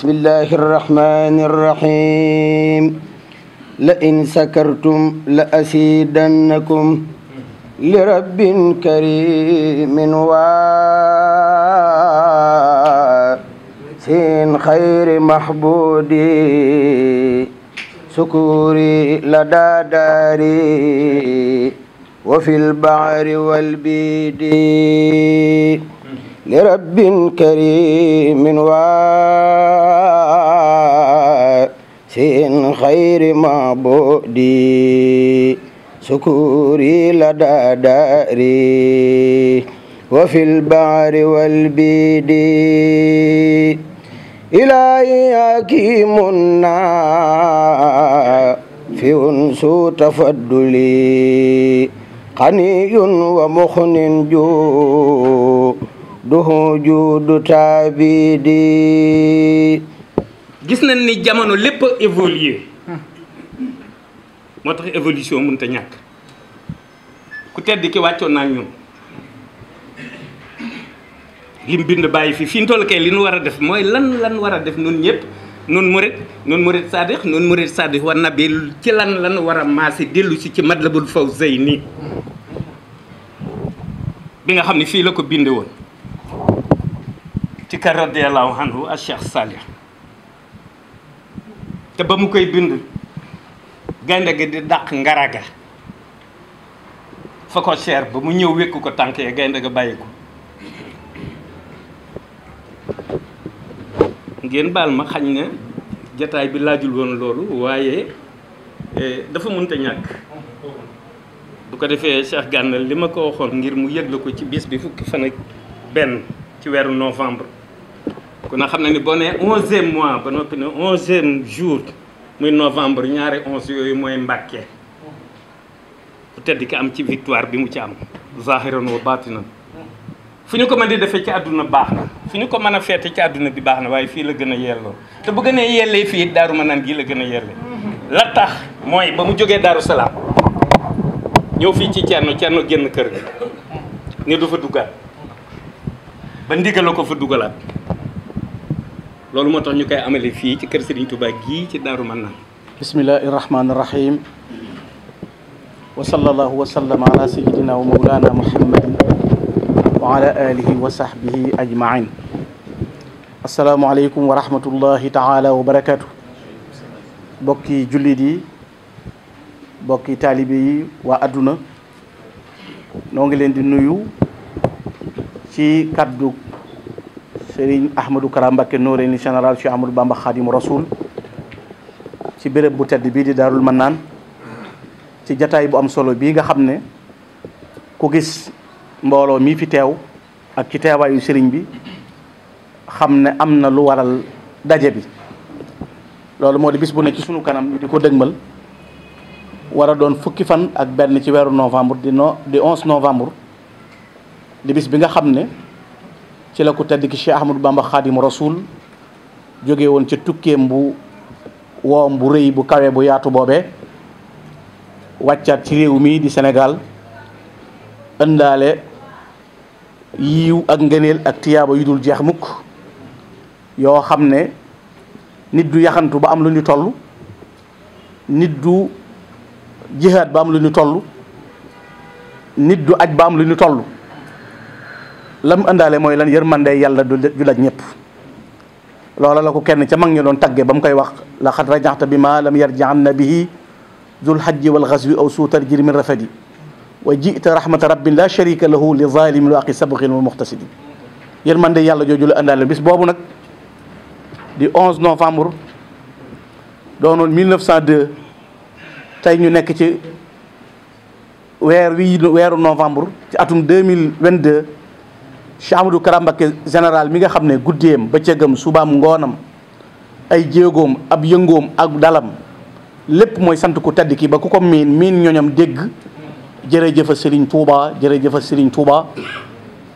بسم الله الرحمن الرحيم لئن سكرتم لأزيدنكم لرب كريم واسين خير محبودي سكوري لدى داري وفي البحر والبيد لرب كريم واسع خير معبودي شكوري لدى داري وفي البحر والبيد إلهي حكيمنا في أنسو تفضلي قني ومخن جو duhu juudu taabidi gis nañ ni jamono lépp a évolué moo tax évolution mënut a ñàkk ku tedd ki wàccoon naa ñun lim bind bàyyi fi fi ñu toll kay li nu war a def mooy lan lan war a def nun ñëpp nun murit nun murit saadix nun murit saadix war na bi ci lan lan war a maase dellu si ci Matlabul Fawzayni bi nga xam ne fii la ko bindee woon ci ka radiallahu anhu ak Cheikh Salih te ba mu koy bind gaynde gi di dàq ngaraga fa ko cher ba mu ñëw wékku ko tànk ya gaynde ga bàyyi ko ngeen baal ma xañ ne jataay bi laajul woon loolu waaye e, dafa mënta ñàkk bu ko defee Cheikh Gana li ma ko waxoon ngir mu yëgle ko ci biis bi fukki fan ak benn ci weeru novembre kon na xam ne ni boo ne onzième mois ba noppi ne onzième jour muy novembre ñaari onze yooyu mooy mbàkke ku tedd ki am ci victoire bi mu ci am zahiran wa batinan fu ñu ko mën di defee ci àdduna baax na fu ñu ko mën a feete ci àdduna bi baax na waaye fii la gën a yelloo te bu gën a yellee fii daaru ma naan gii la gën a yelle la tax mooy ba mu jógee daaru salaam ñëw fii ci Cerno Cerno génn kër gi ni du fa duggaat ba ndigal ko fa dugalaat loolu moo tax ñu koy amale fii ci kër Serigne Touba gii ci Daaru Manaan bismillahi rahmaani rahim wa sallallahu wa sallama ala sayidina wa maulana muhammadin wa ala alihi wa sahbihi ajmain asalaamualeykum wa rahmatullahi taala wa barakatu bokki jullit yi bokki taalibe yi waa adduna noo ngi leen di nuyu ci kaddu Serigne Ahmadou Kara Mbacké Noreyni général Cheikh Ahmadou Bamba Khadim Rasoul ci béréb bu tedd bii di Daarul Mannaan ci jataay bu am solo bii nga xam ne ku gis mbooloo mii fi teew ak ci teewaayu sëriñ bi xam ne am na lu waral daje bi loolu moo di bis bu nekk ci sunu kanam di ko dëgmal wara doon fukki fan ak benn ci weeru novembre di no di novembre di bis bi nga xam ne ci la ko tedd ki Cheikh Ahmadou Bamba Khadim Rasoul jóge woon ca tukkeem bu woom bu rëy bu kawe bu yaatu boobe wàccaat ci réew mi di Sénégal ëndaale yiw ak ngëneel ak tiyaaba yu dul jeex mukk yoo xam ne nit du yaxantu ba am lu ñu toll nit du jihaad ba am lu ñu toll nit du aj ba am lu ñu tollu lam ëndaale mooy lan yërmande yàlla du ju daj ñëpp loola la ko kenn ca mag ñu doon tagge ba mu koy wax la xat rajaxta bi ma lam yarjian na bihi zul hajji wal xaswi aw suutar jirmin rafet yi wa jita rahmata rabbin la sharika lahu li zalimin wa aqi sabqin wal muxtasidi yërmande yàlla jooju la ëndaale bis boobu nag di 11 novembre doonoon 1902 tey ñu nekk ci weer wi weer novembre ci atum 2022 Cheikh Amadou Kara général mi nga xam ne guddeem bëccëgam subaam ngoonam ay jéegoom ab yëngoom ak dalam lépp mooy sant ku tedd ki ba ku ko miin miin ñoñam dégg jërëjëfa Serigne Touba jërëjëfa Serigne Touba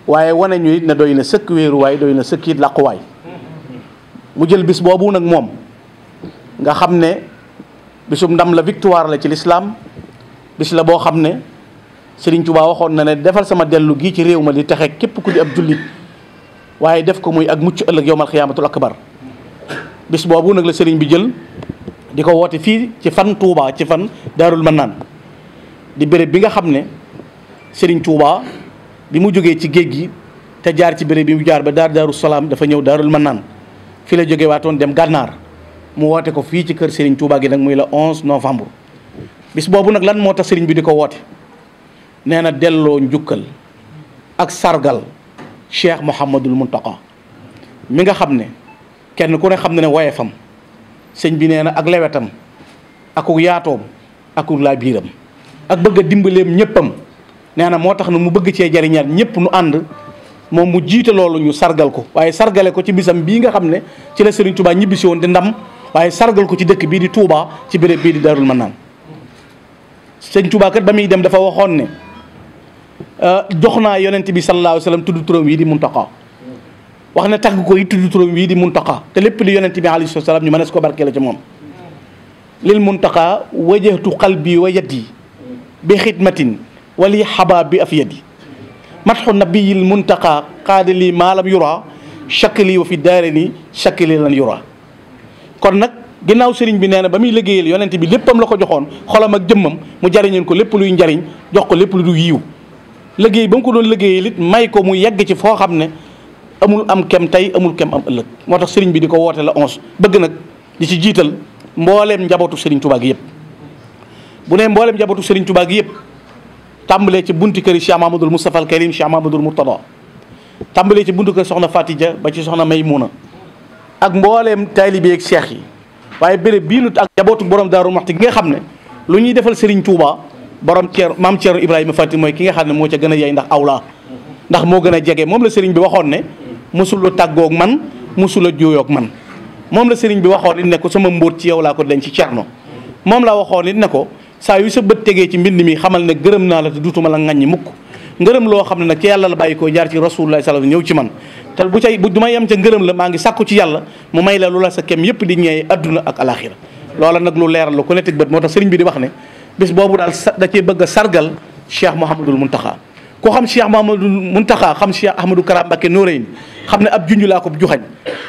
waaye wane ñu it ne doy na sëkk wéeruwaay doy na sëkk it làquwaay mu jël bis boobu nag moom nga xam ne bisum ndam la victoire la ci lislaam bis la boo xam ne Serigne Touba waxoon na ne defal sama dellu gii ci réew ma di texe képp ku di ab jullit waaye def ko muy ak mucc ëllëg yowmal xiyaamatul akbar bis boobu nag la Serigne bi jël di ko woote fii ci fan Touba ci fan Daarul Mannaan di béréb bi nga xam ne sëriñ Touba bi mu jógee ci géej gi te jaar ci béréb bi mu jaar ba daar Daaru Salaam dafa ñëw Daarul Mannaan fi la jóge waatoon dem gànnaar mu woote ko fii ci kër Serigne Touba gi nag muy la 11 novembre bis boobu nag lan moo tax Serigne bi di ko woote. nee na delloo njukkal ak sargal cheikh Mouhamadul Mountakha mi nga xam ne kenn ku ne xam na ne woyefam sëñ bi nee na ak lewetam akuk yaatoom akuk biiram ak bëgg a dimbaleem ñëppam nee na moo tax na mu bëgg cee jariñaat ñëpp nu ànd moom mu jiite loolu ñu sargal ko waaye sargale ko ci bisam bii nga xam ne ci la Serigne Touba ñibbisi woon di ndam waaye sargal ko ci dëkk bii di Touba ci béréb bii di Darul ma sëñ Touba kat ba muy dem dafa waxoon ne. Euh, jox naa yonent bi sallallahu alayhi wa sallam tudd turam yi di muntaqa wax na tagg ko yi tudd turam yi di muntaqa te lépp li yonent bi alayhi salaam ñu mënees ko barkee la ca moom lil muntaqa wajahtu qalbi wa yadi bi xidmatin wali xabaab bi af yadi matxu nabiyil muntaqa qaadali maalam yura shakli wa fi daareni shakli lan yura kon nag bi nee na ba muy liggéeyal yonent bi léppam la ko joxoon xolam ak jëmmam mu jariñeen ko lépp luy njariñ jox ko lépp lu du yiw léggéey ba mu ko doon liggéeyee it may ko mu yegg ci foo xam ne amul am kem tey amul kem am ëllëg moo tax sëriñ bi di ko woote la onze bëgg nag di ci jiital mbooleem njabootu sëriñ Tuubaa gi yëpp bu ne mbooleem njabootu sëriñ Tuubaa gi yëpp tàmbalee ci bunti këri Cheikh Mamadul Moustapha al Karim Cheikh Mamadul Murtada tàmbalee ci buntu kër soxna Fatija ba ci soxna may Maymuna ak mbooleem taalibe ak seex yi waaye béréb bii nu ak njabootu borom Daaru Muxti gi nga xam ne lu ñuy defal sëriñ Tuubaa borom ceer maam ceeru Ibrahima Fati mooy ki nga xam ne moo ca gën a yey ndax awlaa moo gën a jege moom la sëriñ bi waxoon ne mosula tàggoog man mosula juuyoog man moom la sëriñ bi waxoon it ne ko sama mbóot ci yow laa ko denc ci cerno moom laa waxoon it ne ko saa yu sa bët tegee ci mbind mi xamal ne gërëm naa la te duutuma la ŋaññi mukk ngërëm loo xam ne nag yàlla la bàyyi koo jaar ci rasulullah sallallahu ñëw ci man te bu cay bu du yem ca ngërëm la maa ngi sàkku ci yàlla mu may la la sa kem yëpp di ñeey adduna ak alaxira loola nag lu leeral la ku bët moo tax sëriñ bi di wax ne bis boobu daal da cee bëgg a sargal cheikh Mouhamadul Mountakha koo xam cheikh Mouhamadul Mountakha xam cheikh Ahmadou Kara Mbacké Noreyni xam ne ab junj laa ko juxañ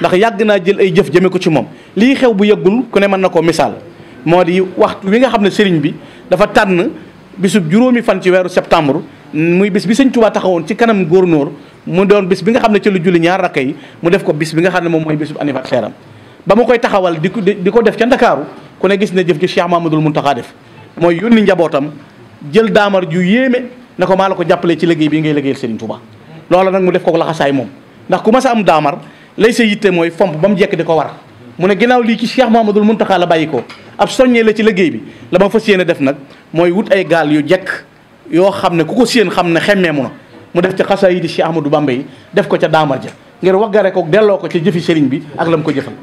ndax yàgg naa jël ay jëf jëme ko ci moom lii xew bu yëggul ku ne mën na koo misaal moo di waxtu wi nga xam ne sëriñ bi dafa tànn bisub juróomi fan ci weeru septembre muy bis bi sëñ Tuubaa taxawoon ci kanam góornóor mu doon bis bi nga xam ne ci lu julli ñaar rakka yi mu def ko bis bi nga xam ne moom mooy bisub anniversaire am ba koy taxawal di ko di ko def ca Ndakaaru ku ne gis ne jëf ci Cheikh Mamadou Mountakha def mooy yónni njabootam jël daamar ju yéeme na ko maa la ko jàppale ci liggéey bi ngay liggéeyal Serigne Touba loola nag mu def ko laxasaay moom ndax ku mas a am daamar lay sa yitte mooy fomp ba mu jekk di ko war mu ne ginnaaw lii ci Cheikh Mouhamadoul Mountakha la bàyyi ko ab soññee la ci liggéey bi la ma fas yéene def nag mooy wut ay gaal yu jekk yoo xam ne ku ko séen xam ne xemmeemu na mu def ca xasaa yi di Cheikh Ahmadou Bamba yi def ko ca daamar ja ngir waggare ko delloo ko ca jëfi sëriñ bi ak la ko jëfal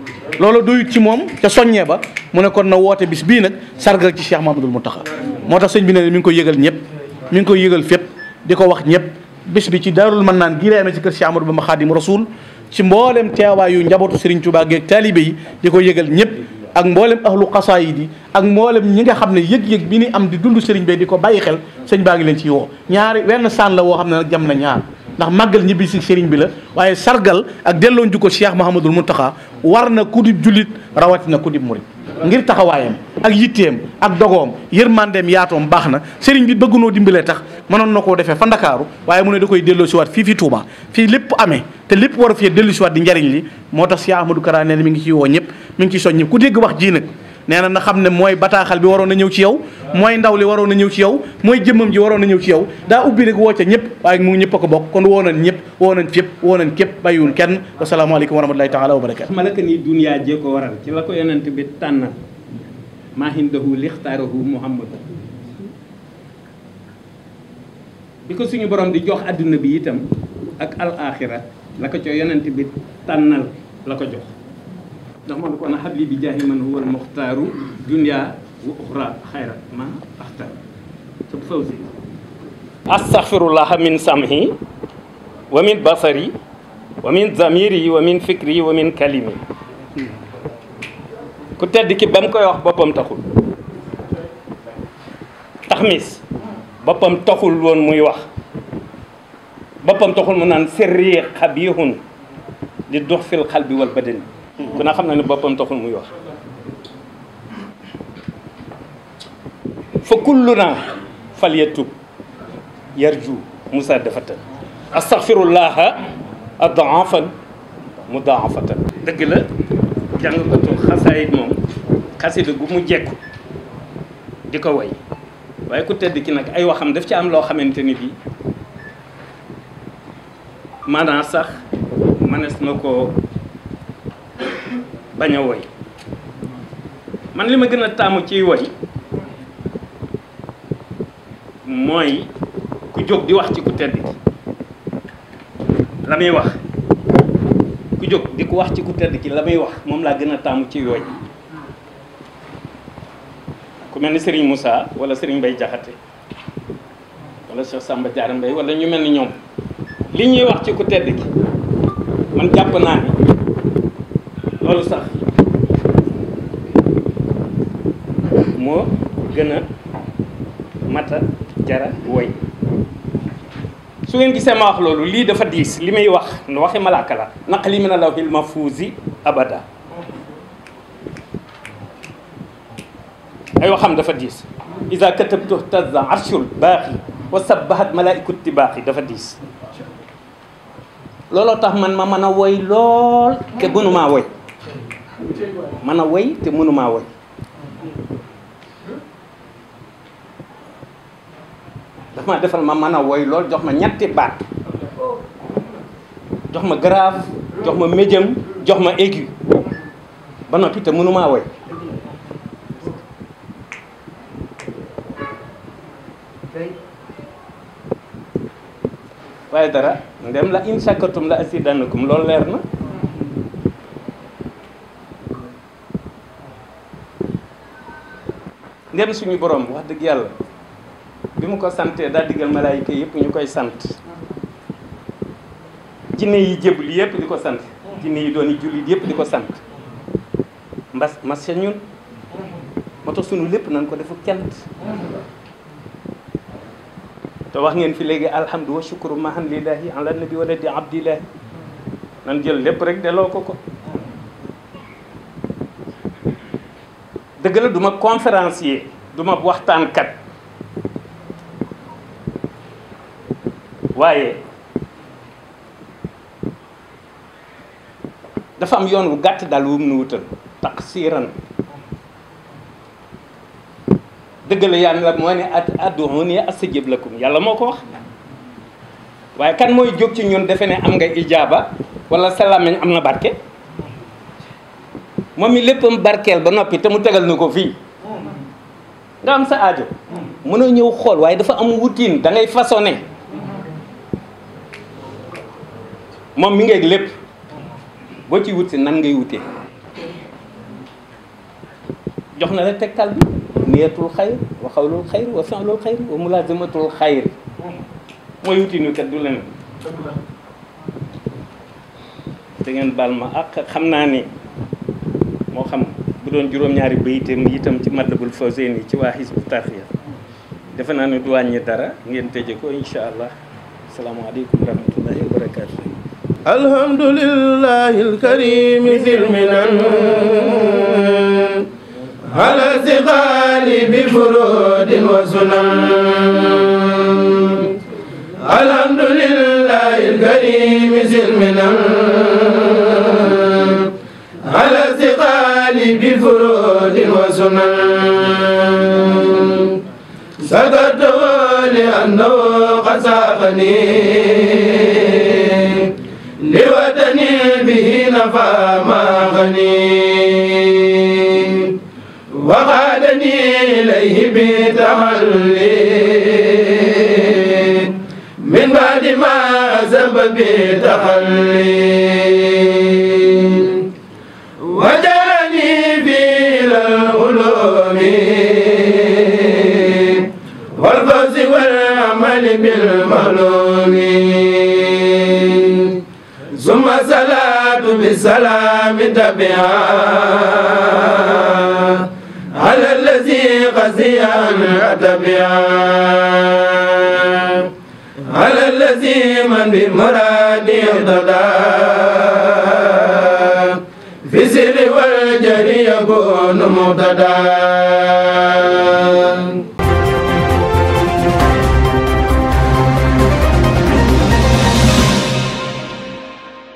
loolu doyut ci moom ca soññee ba mu ne kon na woote bis bii nag sargal ci Cheikh mu tax moo tax sëñ bi ne mi ngi koy yëgal ñëpp mi ngi koy yëgal fépp di ko wax ñëpp bis bi ci Daarul Mannaan naan lay amee ci kër Cheikh Amadou Bamba Xaadimu Rasuul ci mboolem teewaayu njabootu Serigne Touba geeg taalibe yi di ko yëgal ñëpp ak mboolem ak lu xasaayid yi ak mboolem ñi nga xam ne yëg-yëg bi ni am di dund Serigne bee di ko bàyyi xel sëñ baa ngi leen ciy woo ñaari wenn saan woo xam ne nag jam na ñaar ndax màggal ñibbi si sëriñ bi la waaye sargal ak delloo njukkoo Cheikh Mouhamadul Mountakha war na ku dib jullit rawatina ku dib murit ngir taxawaayam ak yitteem ak dogoom yërmandeem yaatoom baax na sëriñ bi noo dimbalee tax mënoon na koo defee fa ndakaaru waaye mu ne da koy delloo siwaat fii fi Touba fii lépp ame te lépp war a fee dellu siwaat di njariñ li moo tax Cheikh Ahmadou Kara nee na mi ngi ci woo ñëpp mi ngi ciy soñ ñëpp ku dégg wax jii nag nee na na xam ne mooy bataaxal bi waroon na ñëw ci yow mooy ndaw li waroon na ñëw ci yow mooy jëmmam ji waroon na ñëw ci yow daa ubbi rek woo ca ñëpp waaye mu ñëpp a ko bokk kon woo nañ ñëpp woo nañ fépp woo nañ képp bàyyiwul kenn wasalaamaaleykum wa rahmatulahi taala wa barakaatu malaka ni duniyaa jee ko waral ci la ko yonent bi tànn maahindahu lixtaarahu muhammadu bi ko suñu borom di jox àdduna bi itam ak al axira la ko ca yonent bi la ko jox ndax man ko na xabli bi jaahi man huwa al wa uxra xayra ma axtar sa fawsi astaxfirullaha min samhi wa min basari wa min zamiri wa min fikri wa min kalimi ku tedd ki ba mu koy wax boppam taxul taxmis boppam taxul woon muy wax boppam taxul mu naan sirri xabihun di dox fil xal bi wal badani ku na xam na ne boppam taxul muy wax fa kulluna falyatub yarju Moussa dafatan astaghfirullaha adaafan mudaafatan dëgg la jàngkatu xasaayit moom xasida gu mu jekku di ko woy waaye ku tedd ki nag ay waxam daf ci am loo xamante ni bi maanaam sax manees na ko bañ a woy man li ma gën a taamu ciy woy mooy ku jóg di wax ci ku tedd ki la muy wax ku jóg di ko wax ci ku tedd ki la muy wax moom laa gën a taamu ci yooyu ku mel ni sëriñ Moussa wala sëriñ Mbaye jaxate wala Cheikh Samba Diarra Mbaye wala ñu mel ni ñoom li ñuy wax ci ku tedd ki man jàpp naa ni loolu sax moo gën a mata jara woy su ngeen gisee ma wax loolu lii dafa diis li may wax waxi malaaka la naqli a lawhil mahfuuzi abada ay waxam dafa diis iza katabtu taza arshul baaxi wa sabbahat malaa'iku tibaaxi dafa diis looloo tax man ma mën a woy lool te mënumaa woy mën a woy te mënumaa woy ma defal ma mën a woy lool jox ma ñetti baat jox ma grave jox ma médium jox ma aigu ba noppi te mënumaa woy waaye dara ndem la in shakartum la asidanakum loolu leer na ndem suñu boroom wax dëgg yàlla bi mu ko santee daa digal malaayika yëpp ñu koy sant jinne yi jébli yëpp di ko sant jinne yi doon yi jullit yëpp di ko sant mbas mas sa ñun moo tax sunu lépp nan ko defu kent te wax ngeen fi léegi alhamdu wa shukru mahan lillahi ala nabi wala di abdillahi nan jël lépp rek delloo ko ko dëgg la duma conférencier duma waxtaankat waaye dafa am yoon wu gàtt daal wum nu wutal taqsiran dëgg la yàlla moo ne ud'uunii astajib lakum yàlla moo ko wax waaye kan mooy jóg ci ñun defe ne am nga ijaaba wala salaamañ am na barke moom mi léppam barkeel ba noppi te mu tegal na ko fii nga am sa aajo mm. mën a ñëw xool waaye dafa am wutiin da ngay moom mi ngi lépp boo ci wut si nan ngay wutee jox na la tegtal bi niyatul xayr wa xawlul xayr wa fi'lul xayr wa mulazamatul mooy wuti nu kat du leneen da ngeen baal ma ak xam naa ni moo xam bu doon juróom-ñaari bayitam itam ci Matlabul Fawzayni ci waa Hizbut Tarqiyyah defe naa ni du wàññi dara ngeen tëje ko incha allah salaamaaleykum wa rahmatullahi wa barakatu الحمد لله الكريم ذي المنن على الثقال بفرود وسنن الحمد لله الكريم ذي المنن على الثقال بفرود وسنن سكت لأنه قد ساقني لوطني به نفى ما غني وقادني إليه بتحلي من بعد ما أزب بتحلي بالسلام تبعا على الذي قسي أن أتبعا على الذي من بمراد اهتدى في سر والجري يكون مهتدى